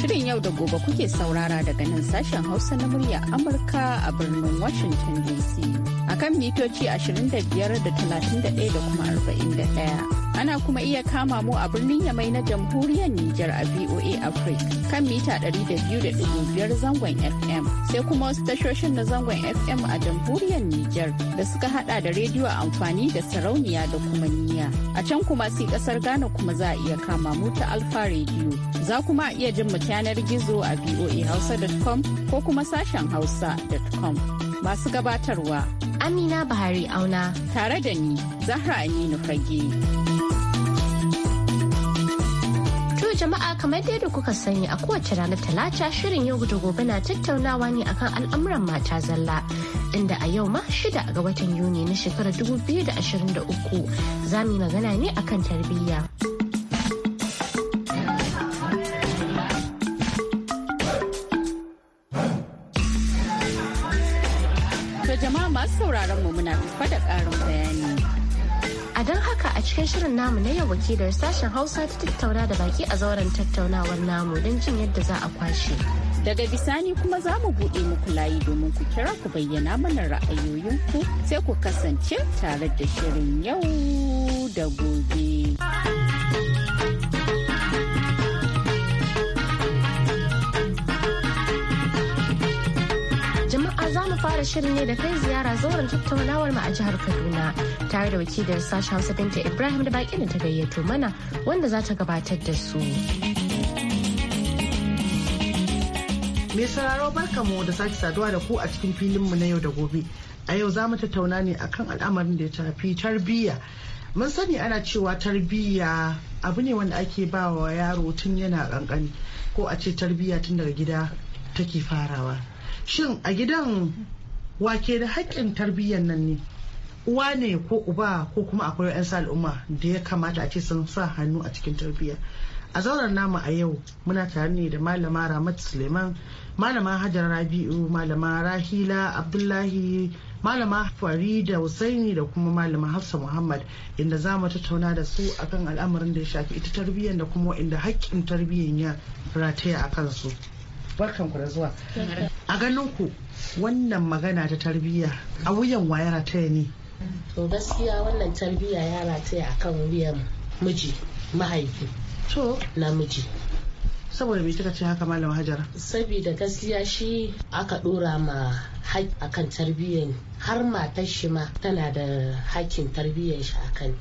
Shirin yau da gobe kuke saurara daga nan sashen Hausa na murya Amurka a birnin Washington DC. akan mitoci 25 da 31 da kuma 41. Ana kuma iya kama mu a birnin Yamai na jamhuriyar Nijar a VOA Africa kan mita 200.5 zangon FM sai kuma wasu tashoshin na zangon FM a jamhuriyar Nijar da suka hada da rediyo amfani da sarauniya da kuma niya. A can kuma sai kasar Ghana kuma za a iya kama mu ta Alfa Radio. Za kuma a iya jin mu yanar gizo a voahausa.com ko kuma sashen hausa.com. Masu gabatarwa Amina Bahari Auna. Tare da ni, Zahra Aminu Fage. jama'a kamar dai da kuka sani a kowace rana talata shirin yau da gobe na tattaunawa ne akan al'amuran mata zalla inda a yau ma shida ga watan yuni na shekarar uku za mu yi magana ne akan tarbiyya. To jama'a masu sauraron mu muna tafa da ƙarin bayani. a cikin shirin namu na yau wakilar sashen Hausa ta tattauna da baki a zauren tattaunawar namu don jin yadda za a kwashe. Daga bisani kuma za mu buɗe muku layi domin ku kira ku bayyana mana ra'ayoyinku sai ku kasance tare da shirin yau da gobe. fara shirin ne da kai ziyara zauren tattaunawar mu a jihar Kaduna tare da wakilin sashen Hausa Binta Ibrahim da bakin da ta gayyato mana wanda za ta gabatar da su. Mai sauraro barkamu da sake saduwa da ku a cikin filinmu na yau da gobe. A yau za mu tattauna ne akan al'amarin da ya tafi tarbiyya. Mun sani ana cewa tarbiyya abu ne wanda ake ba wa yaro tun yana kankani ko a ce tarbiyya tun daga gida take farawa. Shin a gidan wake da haƙƙin tarbiyyar nan ne uwa ne ko uba ko kuma akwai 'yan al'umma da ya kamata a ce sun sa hannu a cikin tarbiyya a zauren namu a yau muna tare ne da malama ramat suleiman malama hajar rabi'u malama rahila abdullahi malama farida husaini da kuma malama hafsa muhammad inda za mu tattauna da su akan al'amarin da ya shafi ita tarbiyyar da kuma inda haƙƙin tarbiyyar ya rataya a kansu barkan ku da zuwa a ganin ku wannan magana ta tarbiyya a wuyan wa yara taya ne to gaskiya wannan tarbiyya yara taya akan wuyan miji mahaifi to namiji saboda me kika ce haka malam hajara saboda gaskiya shi aka dora ma haƙƙi akan tarbiyyar har matar shi ma tana da haƙƙin tarbiyyar shi akan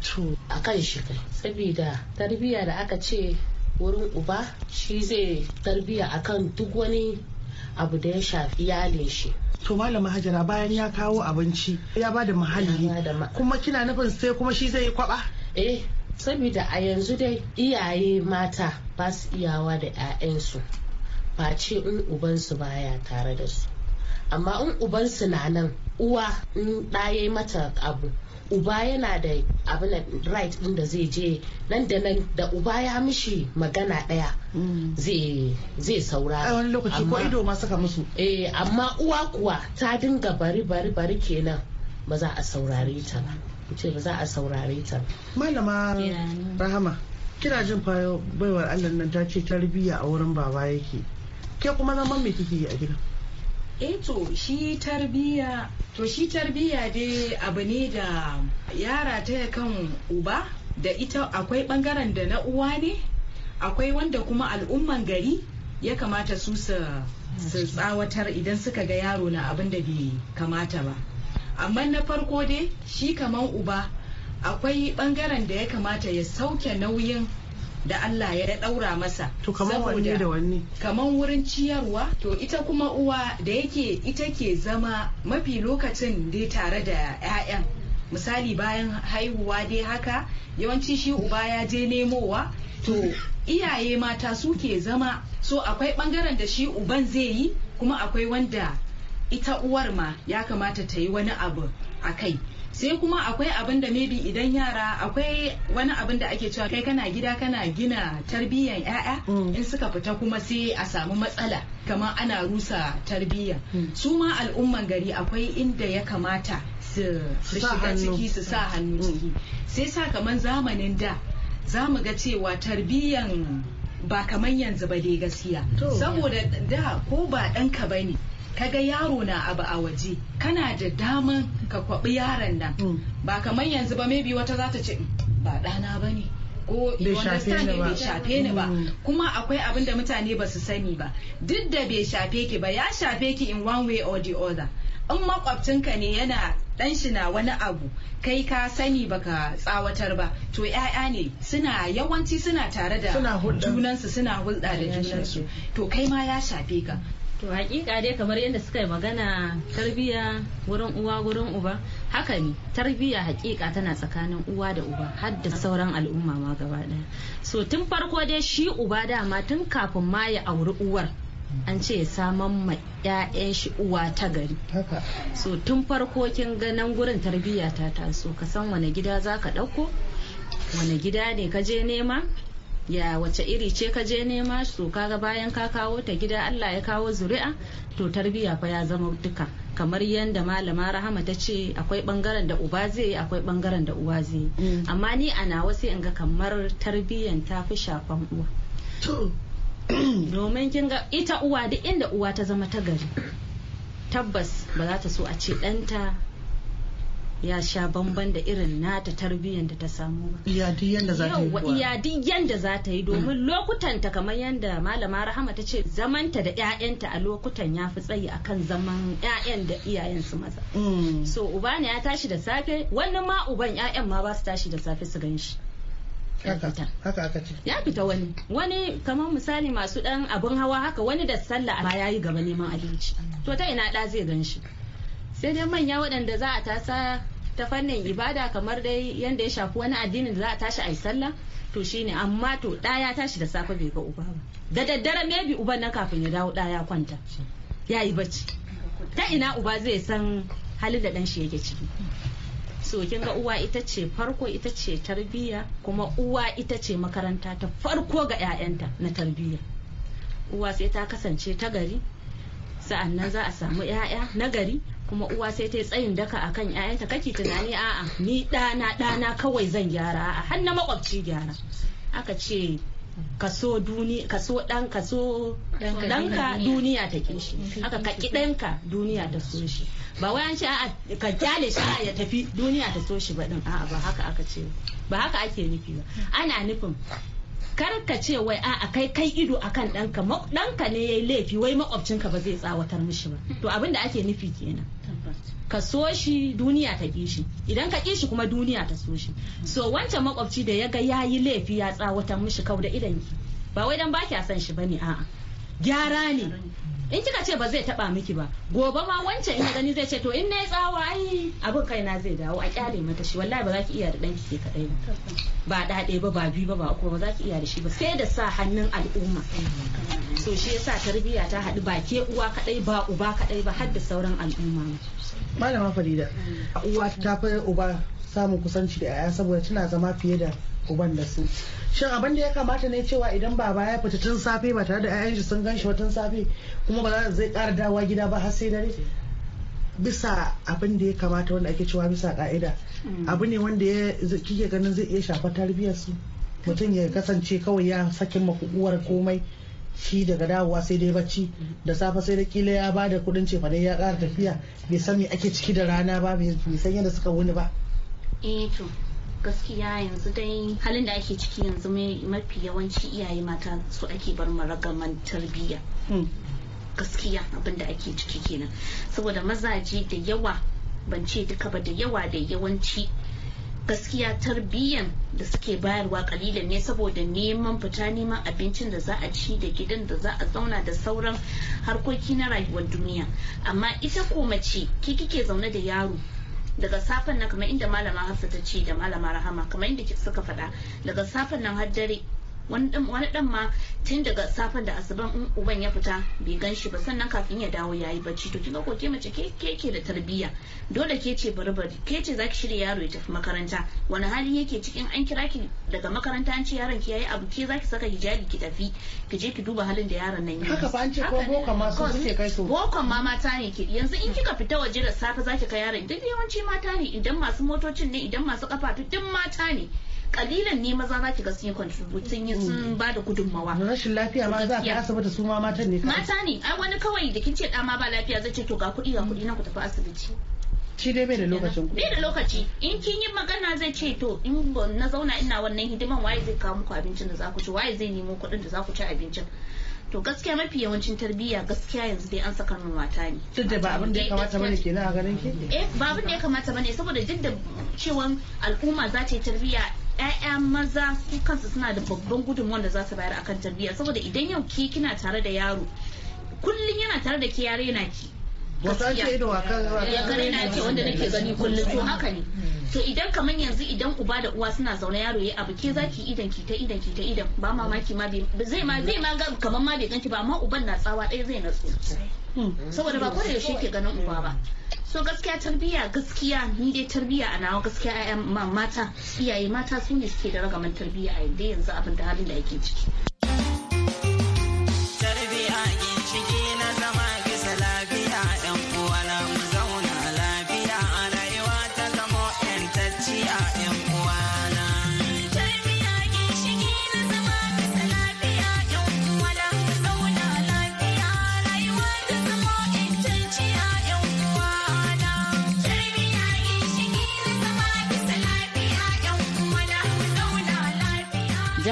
ta akan shi kai saboda tarbiyya da aka ce wurin uba shi zai tarbiya akan duk wani abu da ya shafi iyalin shi to malama hajara bayan ya kawo abinci ya ba da muhalli kuma kina nufin sai kuma shi zai kwaba eh saboda a yanzu dai iyaye mata ba su iyawa da 'ya'yansu face in ubansu baya tare da su amma in ubansu na nan uwa in ɗaya mata abu uba yana da abin right ɗin da zai je nan da nan da uba ya mishi magana daya mm. zai saurara a wani lokaci ko ido ma saka musu eh amma uwa kuwa ta dinga bari bari bari kenan ba za a saurare ta ba ce ba za a saurare ta malama rahama kina jin fayo baiwar Allah nan ta ce tarbiyya a wurin baba yake ke kuma zaman me kike yi a gidan Eh to shi tarbiya to shi tarbiya dai abu ne da yara ta kan uba da ita akwai bangaren da na uwa ne akwai wanda kuma al'umman gari ya kamata su su tsawatar idan suka ga yaro na abin da bai kamata ba amma na farko dai shi kaman uba akwai bangaren da ya kamata ya sauke nauyin da Allah ya ɗaura masa to kaman wani da wani. kaman wurin ciyarwa to ita kuma uwa da yake ita ke zama mafi lokacin dai tare da 'ya'yan misali bayan haihuwa dai haka yawanci shi uba ya je nemowa to iyaye mata su ke zama so akwai bangaren da shi uban zai yi kuma akwai wanda ita uwar ma ya kamata ta yi wani abu a kai sai kuma akwai abin da maybe idan yara akwai wani abin da ake cewa kai kana gida kana gina tarbiyyar ya'ya mm. in suka fita kuma sai a samu matsala kamar ana rusa tarbiyya mm. su ma al'umman gari akwai inda ya kamata su shiga ciki su sa hannu mm. ciki sai sa kamar zamanin da za mu ga cewa tarbiyyan ba kamar yanzu ba dai gaskiya saboda da ko ba ɗanka ba ne kaga yaro na abu a waje kana da daman ka kwabi yaron nan mm. ba kamar yanzu ba maybe wata za ta ce mm, ba ɗana ba ne ko bai shafe ni ba mm. kuma akwai abin da mutane ba su sani ba duk da bai shafe ki ba ya shafe ki in one way or the other in makwabcinka ne yana dan shi na wani abu kai ka sani baka tsawatar ba to 'ya'ya ne suna yawanci suna tare da junansu suna hulɗa da junansu to kai ma ya shafe ka to hakika dai kamar yadda suka yi magana tarbiya wurin uwa wurin uba haka ne tarbiya hakika tana tsakanin uwa da uba har da sauran al'umma ma gaba daya so tun farko dai shi uba dama tun kafin ma ya auri uwar an ce ya saman ma 'ya'yan shi uwa ta gari so tun farko kin ganan gurin tarbiya ta taso ka san wane gida za ka ɗauko wane gida ne ka je nema ya wace iri ce ka je nema su kaga bayan ka kawo ta gida Allah ya kawo zuri'a to tarbiya fa ya zama duka kamar yadda malama rahama ta ce akwai bangaren da uba zai yi akwai bangaren da uwa zai yi mm. amma ni a nawa sai in ga kamar tarbiyan ta fi shafan uwa domin kin ga ita uwa duk inda uwa ta zama ta gari tabbas ba za ta so a ce ɗanta ya sha bamban da irin nata tarbiyyar da ta samu ba iya duk yanda za ta yi mm. domin lokutan kamar yadda malama rahama ta ce zamanta da ƴaƴanta a lokutan ya fi tsayi akan zaman ƴaƴan da iyayen su maza mm. so uba ne ya tashi da safe wannan ma uban ƴaƴan ma ba su tashi da safe su gan shi ya fita wani wani kamar misali masu dan abin hawa haka wani da sallah ma yi gaba neman abinci to ta ina ɗa zai gan shi sai dai manya waɗanda za a tasa ta fannin ibada kamar dai yanda ya shafi wani addini da za a tashi a yi sallah to shine amma to ɗaya tashi da safe bai ga uba ba da daddare bi uban nan kafin ya dawo ɗaya kwanta ya yi bacci ta ina uba zai san halin da ɗan shi yake ciki so kin ga uwa ita ce farko ita ce tarbiyya kuma uwa ita ce makaranta ta farko ga 'ya'yanta na tarbiyya uwa sai ta kasance ta gari sa'annan za a samu 'ya'ya na gari kuma uwa sai ta tsayin daka a akan ta kake tunani a'a ni ɗana ɗana kawai zan gyara a'a har na makwabci gyara aka ce kaso duni kaso dan kaso danka duniya ta ke shi aka kaki danka duniya ta so shi ba wai an ce a'a ka kyale shi a'a ya tafi duniya ta so shi ba din a'a ba haka aka ce ba haka ake nufi ba ana nufin kar ka ce wai a'a kai kai ido a akan ɗanka ɗanka ne ya yi laifi wai makwabcinka ba zai tsawatar mishi ba to abin da ake nufi kenan ka so shi duniya ta ƙi idan ka ƙi shi kuma duniya ta so shi so wancan makwabci da ya ga ya yi laifi ya tsawatar mishi kau da idan ba wai dan ba kya san shi bane a'a gyara ne in kika ce ba zai taba miki ba gobe ma wancan in gani zai ce to in nayi tsawa ai kai na zai dawo a kyale mata shi wallahi ba za ki iya da danki ke kadai ba ba dade ba ba biyu ba ba uku ba za ki iya da shi ba sai da sa hannun al'umma so shi yasa tarbiyya ta haɗu ba ke uwa kadai ba uba kadai ba har da sauran al'umma malama farida uwa ta fa uba samun kusanci da 'ya'ya saboda tana zama fiye da uban da su shin abin da ya kamata ne cewa idan baba ya fita tun safe ba tare da 'ya'yan shi sun gan shi tun safe kuma ba zai kara dawa gida ba har sai dare bisa abin da ya kamata wanda ake cewa bisa ka'ida hmm. abu ne wanda ya kike ganin zai iya shafa tarbiyyar su mutum ya kasance kawai ya sakin makukuwar komai shi daga dawowa sai dai bacci da safe sai da kila ya bada kudin cefane ya kara tafiya bai san me ake ciki da rana ba bai san yadda suka wuni ba eh to gaskiya yanzu dai halin da ake ciki yanzu mafi yawanci iyaye mata su ake bar maragaman tarbiyya hmm. gaskiya abin da ake ciki kenan saboda mazaje da yawa ban ce duka ba da yawa da yawanci gaskiya tarbiyyan da suke bayarwa kalilan ne saboda neman fita neman abincin da za a ci da gidan da za a zauna da sauran harkoki na rayuwar duniya amma ita ko mace ki kike zaune da yaro daga safen nan kamar inda malama hafsa ta ce da malama rahama kamar inda suka faɗa daga safen nan har dare wani dan ma tun daga safen da asuban in uban ya fita bai gan shi ba sannan kafin ya dawo yayi bacci to kinga ko ke mace ke ke da tarbiyya dole ke ce bari bari ke ce zaki shirya yaro ya tafi makaranta wani hali yake cikin an kira ki daga makaranta an ce yaron ki yayi abu ke zaki saka hijabi ki tafi ki je ki duba halin da yaron nan ya haka ba an ce ko boko ma su suke kai su bokon ma mata ne ke yanzu in kika fita waje da safe zaki kai yaron duk yawanci mata ne idan masu motocin ne idan masu kafa duk mata ne kalilan ne maza za ki ga sun yi contributing sun mm. ba da gudunmawa rashin lafiya ma za ka asibiti su ma matan ne mata ne ai wani kawai da kin ce da ma ba lafiya zai ce to ga kuɗi ga kuɗi na ku tafi asibiti shi dai bai da lokacin ku bai da lokaci in kin yi magana zai ce to in na zauna ina wannan hidiman waye zai kawo muku abincin da za ku ci waye zai nemo kuɗin da za ku ci abincin to gaskiya mafi yawancin tarbiyya gaskiya yanzu dai an saka min mata ne duk da ba abin da ya kamata bane kenan a ganin ki eh ba abin da ya kamata bane saboda duk da cewa al'umma za ta yi tarbiyya 'ya'ya maza su kansu suna da babban gudunmawan da za su bayar akan tarbiyya saboda idan yau ke kina tare da yaro kullum yana tare da ke yare na ki da sace ido ya gare na ce wanda nake gani kullum to haka ne to idan kamar yanzu idan uba da uwa suna zaune yaro ya abu ke zaki idan ki ta idan ki ta idan ba mamaki ma zai ma zai ma ga kamar ma bai ganki ba amma uban na tsawa ɗaya zai natsu hmm, saboda ba koda yaushe ke ganin uba ba so gaskiya tarbiyya gaskiya ni dai tarbiyya a nawa gaskiya ƴaƴan mata iyaye mata su ne suke da ragaman tarbiyya a yanzu abin da halin da yake ciki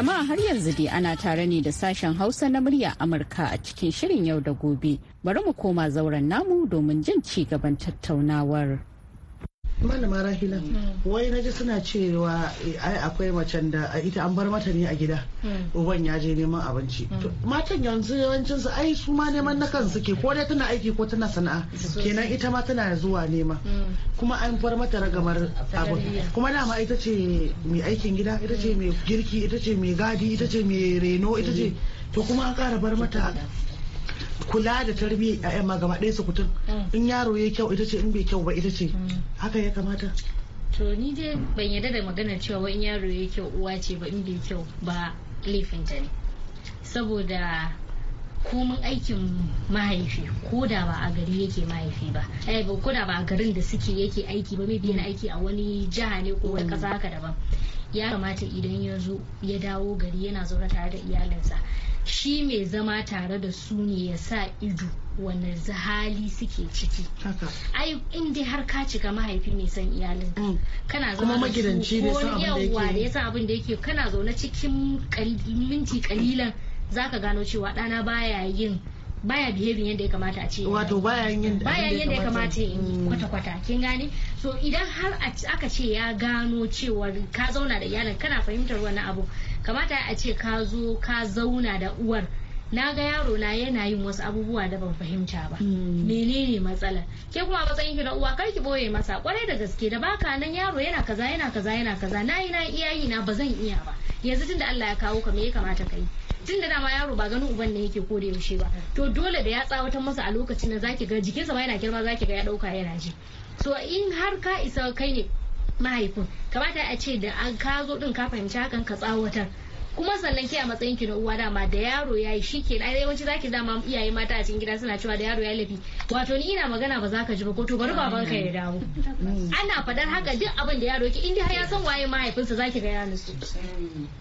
Jama'a har yanzu dai ana tare ne da sashen Hausa na murya Amurka a cikin shirin yau da gobe. Bari mu koma zauren namu domin jin ci gaban tattaunawar. malama rahila hmm. wai na suna cewa ai akwai macen da ita an bar mata ne a gida hmm. uban ya je neman abinci hmm. matan yanzu yawancin su ai su ma neman na kansu ke ko dai tana aiki ko tana sana'a kenan ita ma tana zuwa nema kuma an bar mata ragamar abu kuma dama ita ce mai aikin gida ita ce mai girki ita ce mai gadi ita ce mai reno ita ce to kuma an kara bar mata kula da tarbiyyar ƴaƴan ma gaba ɗaya su kutun mm. in yaro ya kyau ita ce in bai kyau ba ita ce mm. haka ya kamata to ni dai ban yarda da maganar cewa in yaro ya kyau uwa ce ba in bai kyau ba laifinta ne saboda komin aikin mahaifi ko da ba a gari yake mahaifi ba eh, ko da ba a garin da suke yake aiki ba mai biyan mm. aiki a wani jiha ne ko wani kasa haka daban ya kamata idan ya zo ya dawo gari yana zaune tare da iyalinsa shi mai zama tare da su ne ya sa ido wani zahali suke ciki ai in dai har ka cika mahaifi mai son iyalin mm. kana zama da su san abin da yake abin da yake kana zaune cikin minti kalilan za ka gano cewa ɗana baya yin baya behaving yadda ya kamata a ce wato baya yin yadda ya kamata in mm. kwata kwata kin gane so idan har aka ce ya gano cewar ka zauna da iyalin kana fahimtar wani abu kamata a ce ka zo ka zauna da uwar na ga yaro na yana yin wasu abubuwa da ban fahimta ba hmm. menene matsalar ke kuma matsayin ki na uwa kar ki boye masa kwarai da gaske da baka nan yaro yana kaza yana kaza yana kaza nayi na iyayi na ba zan iya ba yanzu tunda Allah ya kawo ka me ya kamata kai tun da dama yaro ba ganin uban ne yake ko da yaushe ba to dole da ya tsawatar masa a lokacin da zaki ga jikinsa ma yana girma zaki ga ya dauka yana ji so in har ka isa kai ne mahaifin kamata a ce da an ka zo din ka fahimci hakan ka tsawatar kuma sannan ke a matsayin ki na uwa dama da yaro yayi na dai yawanci zaki dama iyaye mata a cikin gida suna cewa da yaro ya lafi wato ni ina magana ba za ka ji ba ko to bari baban ka ya dawo ana fadar haka duk abin da yaro yake in dai har ya san waye mahaifinsa zaki ga ya nutsu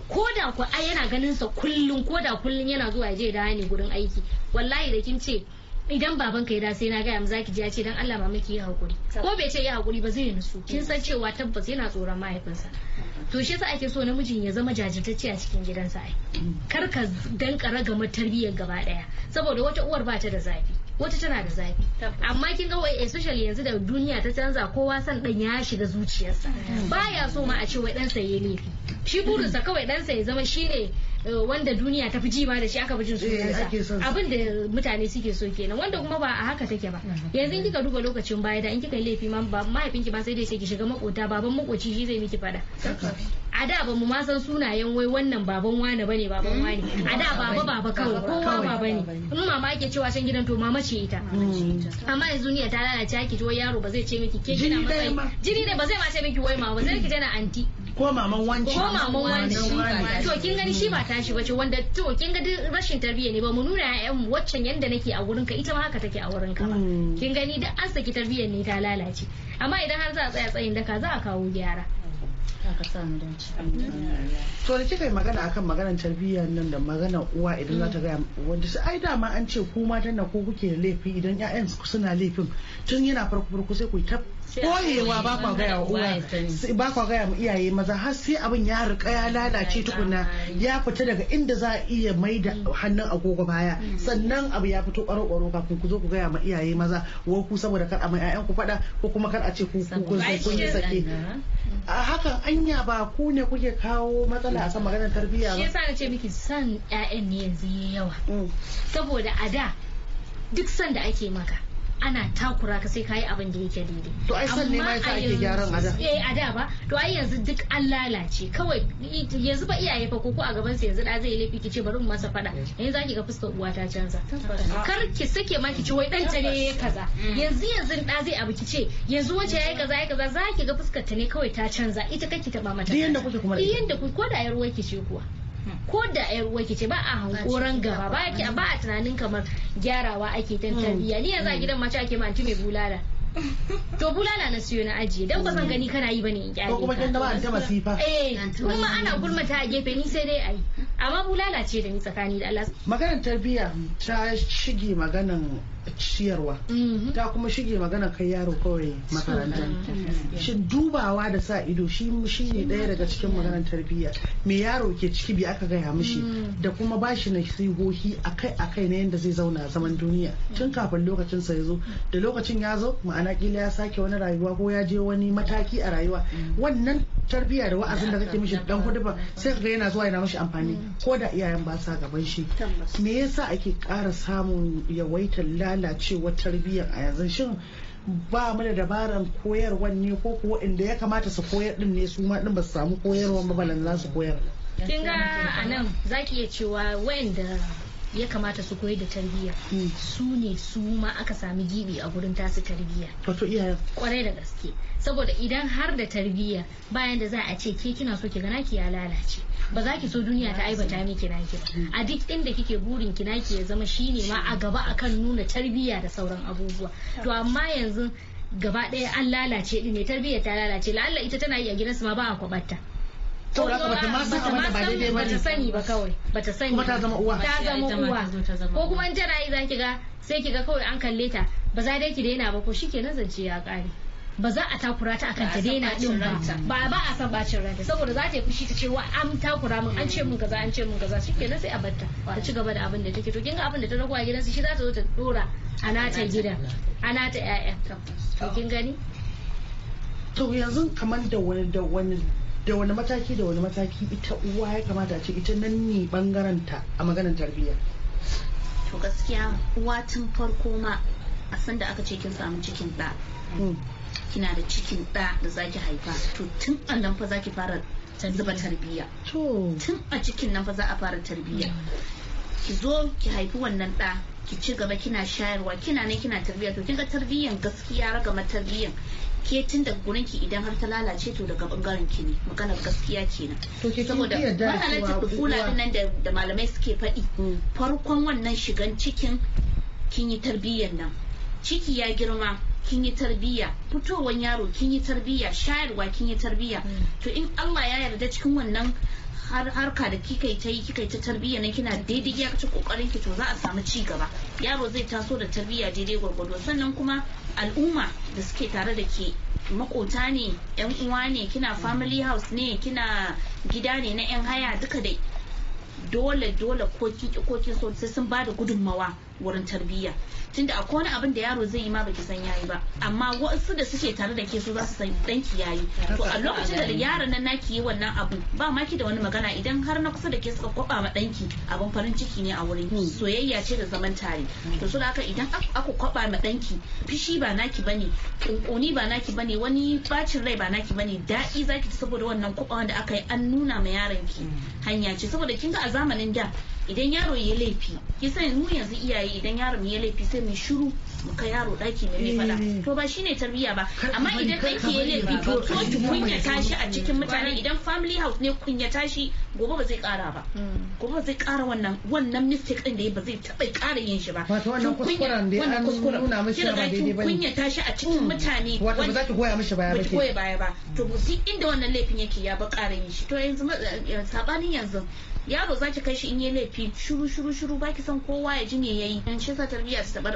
ko da ku ai yana ganin sa kullun ko da kullun yana zuwa ya je da ne gurin aiki wallahi da kin ce idan baban ka ya sai na gaya za ki ji ya ce dan Allah mama ki yi hakuri ko bai ce yi hakuri ba zai nusu kin san cewa tabbas yana tsoron mahaifinsa to shi yasa ake so namijin ya zama jajirtacce a cikin gidansa ai kar ka danka ma tarbiyyar gaba daya saboda wata uwar bata da zafi wata tana da zafi amma kin ga wai especially yanzu da duniya ta canza kowa san dan ya shiga zuciyarsa mm. baya so ma a ce wai dan sa ya laifi shi burinsa kawai dan sa ya zama shine Eh, wanda duniya ta fi ji ma da shi aka fi jin sunansa eh, abin da mutane suke so kenan wanda kuma ba a haka take ba mm-hmm. yanzu in kika duba lokacin baya da in kika yi laifi ma ba mahaifinki ba sai dai sai ki shiga makota baban makoci shi zai miki fada a da ba mu ma san sunayen wai wannan baban wane bane baban mm. wane a da baba baba kawai kowa baba ne in mama ake cewa can gidan to mama ce ita mm. amma yanzu ni ta lalace ki to yaro ba zai ce miki ke kina matsayi jini ne ba zai ma ce miki wai mama zai ki jana anti ko maman wanci ko maman wanci to kin gani shi ba tashi bace wanda to kin ga rashin tarbiyya ne ba mu nuna ƴaƴan waccan yanda nake a wurin ka ita ma haka take a wurin ka ba mm. kin gani duk an saki tarbiyyar ne ta lalace amma idan har za a tsaya tsayin daka za a kawo gyara to da kika yi magana akan maganar tarbiyyar nan da maganar uwa idan za ta gaya wanda sai ai dama an ce ku mata nan ko kuke da laifi idan ƴaƴan suna laifin tun yana farko farko sai ku ta koyewa ba kwa gaya wa uwa ba kwa gaya mu iyaye maza har sai abin ya rika ya lalace tukuna ya fita daga inda za a iya mai da hannun agogo baya sannan abu ya fito ƙwaro ƙwaro kafin ku zo ku gaya ma iyaye maza wa ku saboda kar a mai ƴaƴan ku faɗa ko kuma kar a ce ku ku kun yi A hakan anya ba ku ne kuke kawo matsala a san maganar tarbiyya ba shi yasa ce miki san ya'yan ne yanzu yawa mm. saboda a da duk san da ake maka ana takura ka sai kayi abin da yake daidai to ai san ne ma yasa ake gyaran a da eh a da ba to ai yanzu duk an lalace kawai yanzu ba iyaye fa ko a gaban sa yanzu da zai laifi kice bari mu masa fada mm. yanzu zaki ga fuskar uwa ta canza kar ki sake ma kice wai dan ta ne kaza mm. yanzu yanzu da zai abu kice yanzu wace yayi kaza yayi kaza zaki ga fuskar ta ne kawai ta canza ita kake taba mata yanda kuke kuma yanda ku ko da yar ki ce kuwa ko da yar uwa ce ba a hankoran gaba ba yake ba a tunanin kamar gyarawa ake tarbiyya ni yanzu a gidan mace ake ma mai bulala to bulala na siyo na ajiye dan ba san gani kana yi bane in kyale ko kuma kin da ba ta eh kuma ana gulmata a gefe ni sai dai ayi amma bulala ce da ni tsakani da Allah maganar tarbiyya ta shige maganan ciyarwa mm-hmm. ta kuma shige magana kai yaro kawai makaranta mm-hmm. shi dubawa da sa ido shi shi ne ɗaya daga cikin maganar tarbiyya me yaro ke ciki bi aka gaya mishi mm. da kuma bashi nasihohi akai akai na yadda zai zauna zaman duniya mm. tun kafin lokacin sa ya zo da lokacin ya zo ma'ana kila ya sake wani rayuwa ko ya je wani mataki a rayuwa mm. wannan tarbiyya da wa'azin da kake mishi dan huduba sai ka ga yana zuwa yana mishi amfani ko da iyayen ba sa gaban shi me yasa ake ƙara samun yawaitar lalacewar tarbiyyar a yanzu shin ba mu da dabarar koyarwar ne ko kuwa inda ya kamata su koyar din ne su ma din ba su samu koyarwar ba balan za su koyar kin ga anan zaki iya cewa wayanda ya kamata su koyar da tarbiyya hmm. su ne su ma aka sami gibi a gurin tasu tarbiyya wato kwarai da gaske saboda idan har da tarbiyya bayan da za a ce ke kina so ki gana ki ya lalace ba za ki so duniya ta aibata miki naki ba hmm. a duk inda kike burin ki naki ya zama shine ma a gaba a kan nuna tarbiyya da sauran abubuwa to amma yanzu gaba ɗaya an lalace ɗin ne tarbiyya ta lalace la'alla ita tana yi a gidansu ma ba a kwabata. saboda ba ta ma san abin da ba daidai ba ne ta sani ba kawai ba ta sani kuma ta zama uwa ta zama uwa ko kuma in tana yi za ki ga sai ki ga kawai an kalle ta ba za dai ki daina ba ko shikenan zance ya kare ba za a takura ta akan ta daina din ba ba ba a san bacin ranta saboda za ta yi fushi ta ce wa an takura min an ce min kaza an ce min kaza shikenan sai a batta ta ci gaba da abin da take to kin ga abin da ta rako a gidansu shi za ta zo ta dora a nata gidan a nata ƴaƴa to kin gani to yanzu kamar da wani da wani da wani mataki da wani mataki ita uwa ya kamata ce ita nan ne bangaranta a maganar tarbiyya to gaskiya uwa tun farko ma a san da aka ce kin samu cikin da hmm. kina da cikin da da zaki haifa to tun a nan fa zaki fara zuba tarbiyya To tun a cikin nan fa za a fara tarbiyya hmm. ki zo ki haifi wannan da ki ci gaba kina shayarwa kina ne kina tarbiyya to kinga tarbiyyan gaskiya ragama tarbiyyan ke tun daga gurin ki idan har ta lalace to daga bangaren ki ne maganar gaskiya kenan saboda mahalarta da nan da malamai suke faɗi mm. farkon wannan shigan cikin kin yi tarbiyyan nan ciki ya girma kin yi tarbiyya fitowar yaro kin yi tarbiyya shayarwa kin yi tarbiyya mm. to in Allah ya yarda cikin wannan harka da kika ta yi kika ta tarbiyya nan kina daidai ya kace kokarin ki to za a samu ci gaba yaro zai taso da tarbiyya daidai gwargwado sannan kuma al'umma da suke tare da ke makota ne yan uwa ne kina family house ne kina gida ne na yan haya duka dai dole dole ko kiki ko kin so sai sun bada gudunmawa wurin tarbiyya tunda akwai wani abin da yaro zai yi ma baki san yayi ba amma wasu da suke tare da ke su za su san danki yayi to a lokacin da yaron nan naki yi wannan abu ba ma ki da wani magana idan har na kusa da ke suka kwaba ma danki abun farin ciki ne a wurin hmm. soyayya ce da zaman tare hmm. to su haka idan aka kwaba ma danki fishi ba naki bane kunkuni ba naki bane wani bacin rai ba naki bane daɗi zaki ci saboda wannan kwaba wanda aka yi an nuna ma yaron ki hmm. hanya ce saboda kin ga a zamanin da idan yaro ya laifi ki mu yanzu iyaye idan yaro ya laifi sai mu shiru mu kai yaro daki ne mai fada eh. to ba shine tarbiyya ba amma idan ɗanki ya laifi to to ki kunya tashi a cikin mutane idan family house ne kunya tashi gobe ba zai kara ba hmm. gobe ba zai kara wannan wannan mistake din da ba zai taɓa kara yin shi ba to wannan kuskuren da an nuna mishi ba daidai ba kunya tashi a cikin hmm. mutane wato ba za ki goya mishi baya ba ki baya ba to duk inda wannan laifin yake ya ba kara yin shi to yanzu eh, sabanin yanzu yaro zaki kai shi in yi laifi shuru shuru shuru ki san kowa ya ji me yayi in shi sa tarbiyya su ta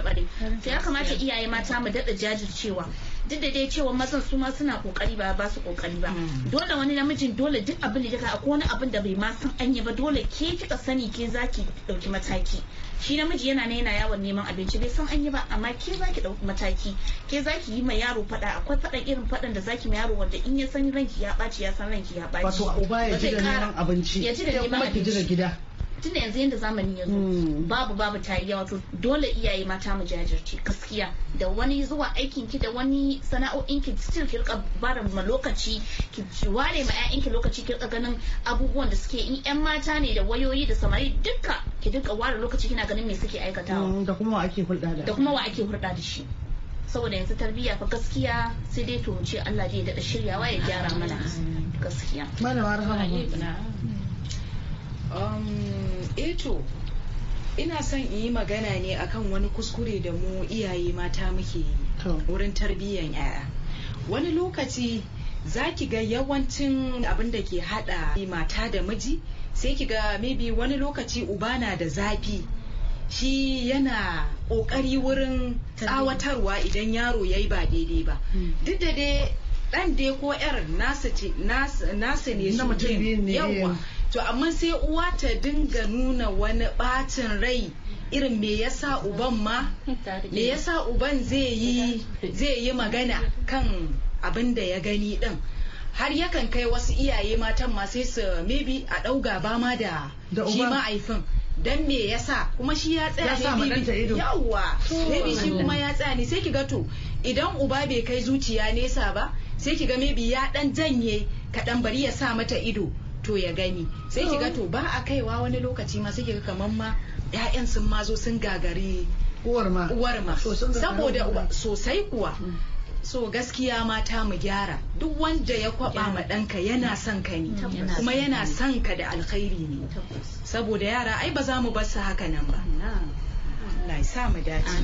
to ya kamata iyaye mata mu dada jajircewa duk da dai cewa mazan su ma suna kokari ba ba su kokari ba mm. dole wani namijin dole duk abin da kika akwai wani abin da bai ma san an ba dole ke kika sani ke zaki dauki mataki shi namiji yana na yana yawon neman abinci bai san an ba amma ke zaki dauki mataki ke zaki yi ma yaro fada akwai fadan irin fadan da zaki ma yaro wanda in ya san ranki ya baci ya san ranki ya baci wato uba ya ji da neman abinci ya ji da neman abinci tunda yanzu yadda zamani ya zo hmm. babu babu ta yi yawa to dole iyaye mata mu jajirce gaskiya da wani zuwa aikin ki da wani sana'o'in ki still ki rika bada ma lokaci ki ware ma ƴaƴan ki lokaci ki rika ganin abubuwan da suke in ƴan mata ne da wayoyi da samari duka ki duka ware lokaci kina ganin me suke aikatawa hmm, da kuma wa ake hulɗa da kuma wa ake hulɗa da shi saboda yanzu tarbiyya fa gaskiya sai dai to ce Allah zai dada shiryawa ya gyara mana gaskiya malama rahama Um, eto eh ina son in yi magana ne akan wani kuskure da mu iyaye mata muke yi wurin tarbiyyar yaya wani lokaci za ki ga yawancin abin da ke hada mata da miji sai ki ga maybe wani lokaci uba na da zafi shi yana kokari wurin tsawatarwa idan yaro ya yi ba daidai ba hmm. duk da dai dan dai ko yar nasu ne su yawa to amma sai uwa ta dinga nuna wani bacin rai irin me yasa uban ma me yasa uban zai yi zai yi magana kan abin da ya gani din har yakan kai wasu iyaye matan ma sai su maybe a dauga gaba ma da shi ma'aifin dan me yasa kuma shi ya tsaya ne yawwa maybe shi kuma ya tsaya ne sai ki ga to idan uba bai kai zuciya nesa ba sai ki ga maybe ya dan janye kaɗan bari ya sa mata ido to ya gani sai kiga to ba a kaiwa wani lokaci ma sai kiga kamar ma ƴaƴan sun ma sun gagari uwar ma saboda sosai kuwa mm. so gaskiya mata mu gyara duk wanda ya kwaba ma ɗanka yana son ka ne kuma yana son ka da alkhairi ne saboda yara ai ba za mu bar su haka nan ba Allah ya sa mu dace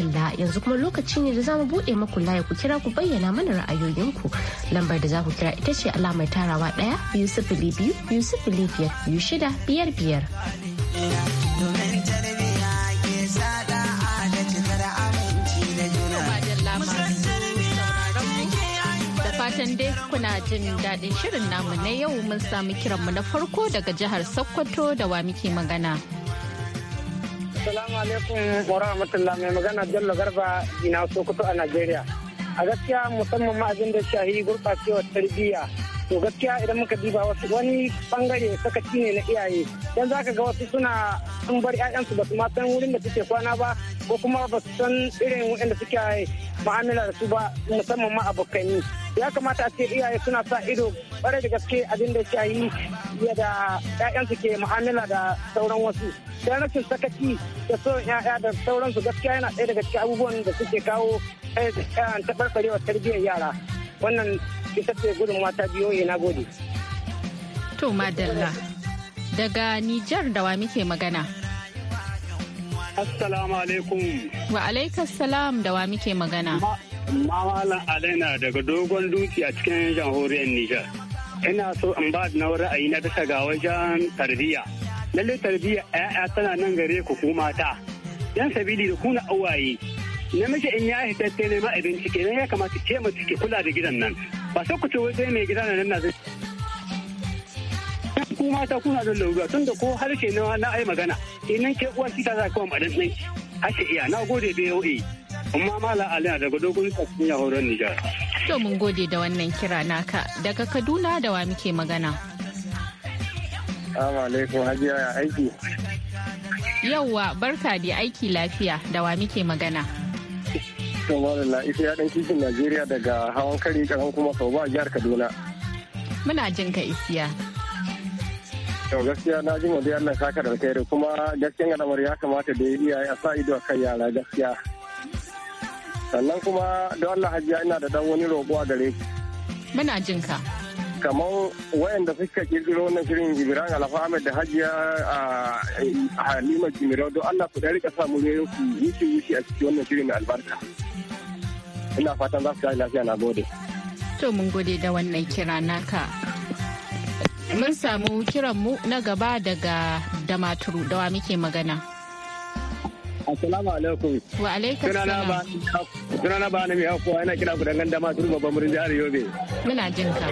madalla yanzu kuma lokaci ne da zamu buɗe muku layi ku kira ku bayyana mana ra'ayoyinku lambar da za ku kira ita ce alamar tarawa ɗaya biyu sifili biyu biyu sifili biyar biyu shida biyar biyar. fatan dai kuna jin daɗin shirin namu na yau mun sami kiranmu na farko daga jihar Sokoto da wa muke magana. Assalamu alaikum wa rahmatullah mai magana Jallo Garba ina Sokoto a Najeriya. A gaskiya musamman ma abin da shahi gurɓacewar tarbiyya to gaskiya idan muka diba wasu wani bangare sakaci ne na iyaye dan zaka ga wasu suna sun bar ƴaƴansu ba su ma san wurin da suke kwana ba ko kuma ba su san irin wanda suke ma'amala da su ba musamman ma abokanni ya kamata a ce iyaye suna sa ido kwarai da gaske abin da ke yi da 'ya'yansu ke mu'amala da sauran wasu don rashin sakaci da sauran 'ya'ya da sauransu gaskiya yana ɗaya daga cikin abubuwan da suke kawo eh, eh, tabarbarewa tarbiyyar yara wannan ita ce gudunmawa ta biyo na gode. to madalla daga nijar da wa muke magana Assalamu alaikum. Wa alaikas salam da wa muke magana. Mawala Alaina daga dogon duki a cikin jamhuriyar Nijar. Ina so in ba da na ra'ayi na bisa ga wajen tarbiyya. Lallai tarbiyya ‘ya'ya tana nan gare ku ku mata. Yan sabili da kuna awaye. Namiji in ya hita sai nema abinci kenan ya kamata ke mace ke kula da gidan nan. Ba sai ku ce wai mai gidan nan na zai. ku mata kuna da larura tun da ko harshe na na ai magana inan ke uwa kita za kuma madan din harshe iya na gode eh amma mala alina daga dogon tsakin ya horon Nijar to mun gode da wannan kira naka daga Kaduna da wa muke magana Assalamu alaikum Hajiya ya aiki Yawwa barka da aiki lafiya da wa muke magana to na isa ya dan kishin Najeriya daga hawan kari karan kuma sau ba jihar Kaduna muna jin ka isiya yau na ji dai Allah saka da kuma gaskiyan al'amar ya kamata da iyaye sa ido kan yara gaskiya sannan kuma da Allah hajiya ina da dan wani roƙo a gare ki muna jin ka kamar wayanda suka kirkiro wannan shirin jibiran alafa ahmed da hajiya a halima jimirau don allah ku rika sa mu ku wuce wuce a cikin wannan shirin mai albarka ina fatan za su lafiya na gode to mun gode da wannan kira naka mun samu kiranmu na gaba daga damaturu da wa muke magana. Assalamu alaikum. Wa alaikum salam. Sunana ba na mai hakuwa yana kira ku dangan damaturu babban birnin jihar Yobe. Muna jin ka.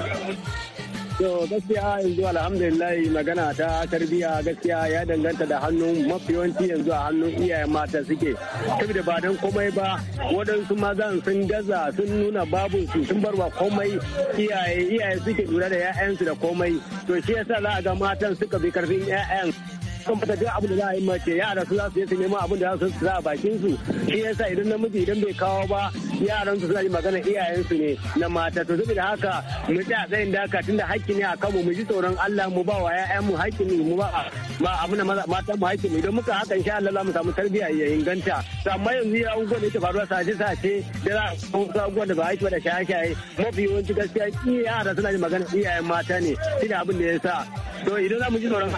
To gaskiya yanzu alhamdulillah magana ta tarbiyya gaskiya ya danganta da hannun mafi yanzu a hannun iyayen mata suke. Saboda ba dan komai ba waɗansu mazan sun gaza sun nuna babu su sun barwa komai iyaye iyaye suke lura da 'ya'yansu da komai. To shi yasa za a ga matan suka bi karfin 'ya'yan. kan fita duk abin da za a yi mace yara su za su yi su abin da za su sa a bakin su shi yasa idan namiji idan bai kawo ba yaran su suna yi magana iyayensu ne na mata to saboda haka mu tsaya tsayin daka tunda hakki ne a kanmu mu ji tsoron Allah mu ba wa ƴaƴan mu hakki ne mu ba ba abin da matan mu hakki ne idan muka haka insha Allah za mu samu tarbiyya ya inganta amma yanzu ya abubuwan ne ta faruwa sace sace da za a kawo abubuwan da ba a yi da shaye shaye mafi yawanci gaskiya yara suna yi magana iyayen mata ne shine abin da ya sa to idan za mu ji tsoron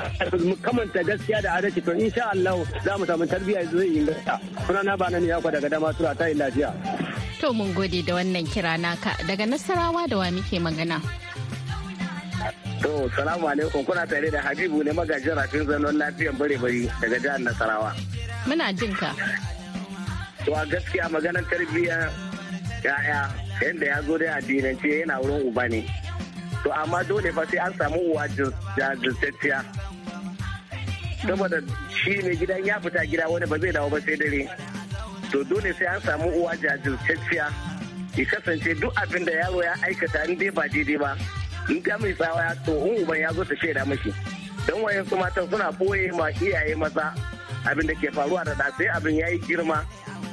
mu kamanta gaskiya da adalci to sha Allah za mu samu tarbiyya zai inganta sunana ba nan ya daga dama sura ta lafiya to mun gode da wannan kira naka daga nasarawa da wa muke magana To, salamu alaikum kuna tare da Habibu ne magajin rafin zanon lafiyan bare bari daga jihar Nasarawa. Muna jin ka. To, a gaskiya maganar tarbiyyar ya'ya yadda ya zo da addinance yana wurin uba ne. To, amma dole fa sai an samu uwa jajirtacciya saboda shi ne gidan ya fita gida wani ba zai dawo ba sai dare to dole sai an samu uwa jajirtacciya ya kasance duk abin da yaro ya aikata in dai ba daidai ba in ga mai tsawa to in uban ya zo ta shaida mashi don wayan su matan suna boye ma iyaye maza abin da ke faruwa da sai abin ya yi girma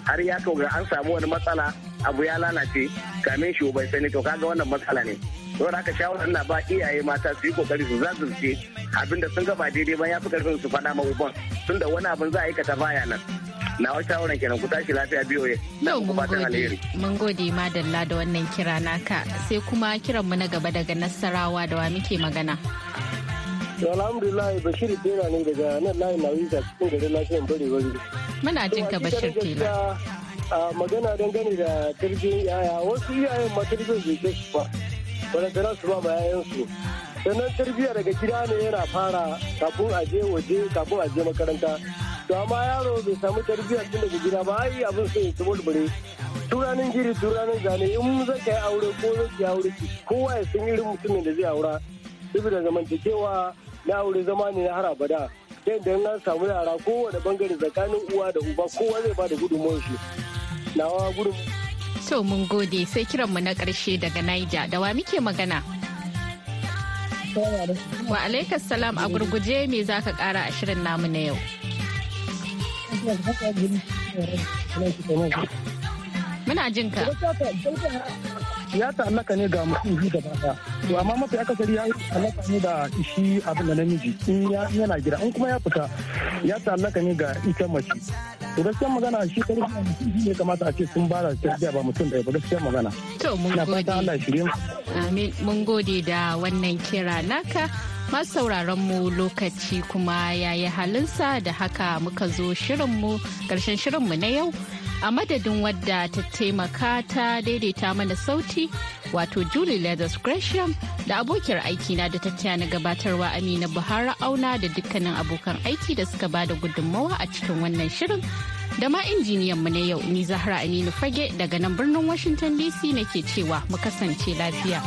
har ya ga an samu wani matsala abu ya lalace kamin shi uban sani to kaga wannan matsala ne don haka shawarar na ba iyaye mata su yi kokari su zazurce abinda sun ga ba daidai ba ya fi karfin su faɗa ma uban da wani abin za a aikata baya nan na wata shawarar kenan ku tashi lafiya biyo ya ku fatan alheri mun gode madalla da wannan kira naka sai kuma kiran mu na gaba daga nasarawa da wa muke magana alhamdulillah bashir tela ne daga nan layin nawisa cikin garin lafiyan bare wani muna jin ka bashir tela magana dangane da jirgin yaya wasu iyayen ma tarbiyyar su ba balantana su ba ma 'ya'yansu sannan tarbiyya daga gida ne yana fara kafin a je waje kafin a je makaranta to amma yaro bai samu tarbiyya tun daga gida ba ai abin sai ya tabulbure turanin giri turanin zane in za ka yi aure ko zan ki aure ki kowa ya san irin mutumin da zai aura saboda zamantakewa na aure zama ne na har abada ta yadda na samu yara kowane bangare tsakanin uwa da uba kowa zai ba da gudunmuwar shi nawa gudunmuwar To mun gode sai kiran mu na ƙarshe daga Niger da wa muke magana. Wa alaikas salam a gurguje me zaka ka ƙara a shirin namu na yau. Muna jin ka. ya ta'allaka ne ga mutum gaba daya to amma mafi akasari ya ta'allaka ne da shi abin da namiji in yana gida in kuma ya fita ya ta'allaka ne ga ita mace to gaskiya magana shi shi ne kamata a ce sun ba da tarbiyya ba mutum ɗaya ba gaskiya magana to mun gode Allah shirye amin mun gode da wannan kira naka masu sauraron mu lokaci kuma yayi halinsa da haka muka zo shirinmu karshen shirinmu na yau a madadin wadda ta taimaka ta daidaita mana sauti wato Julie Leathers Gresham da abokiyar na da tattaya na gabatarwa Amina Buhari auna da dukkanin abokan aiki da suka bada gudunmawa a cikin wannan shirin da ma injiniyan mu na yau ni Zahra Aminu Fage daga nan birnin Washington DC nake cewa mu kasance lafiya.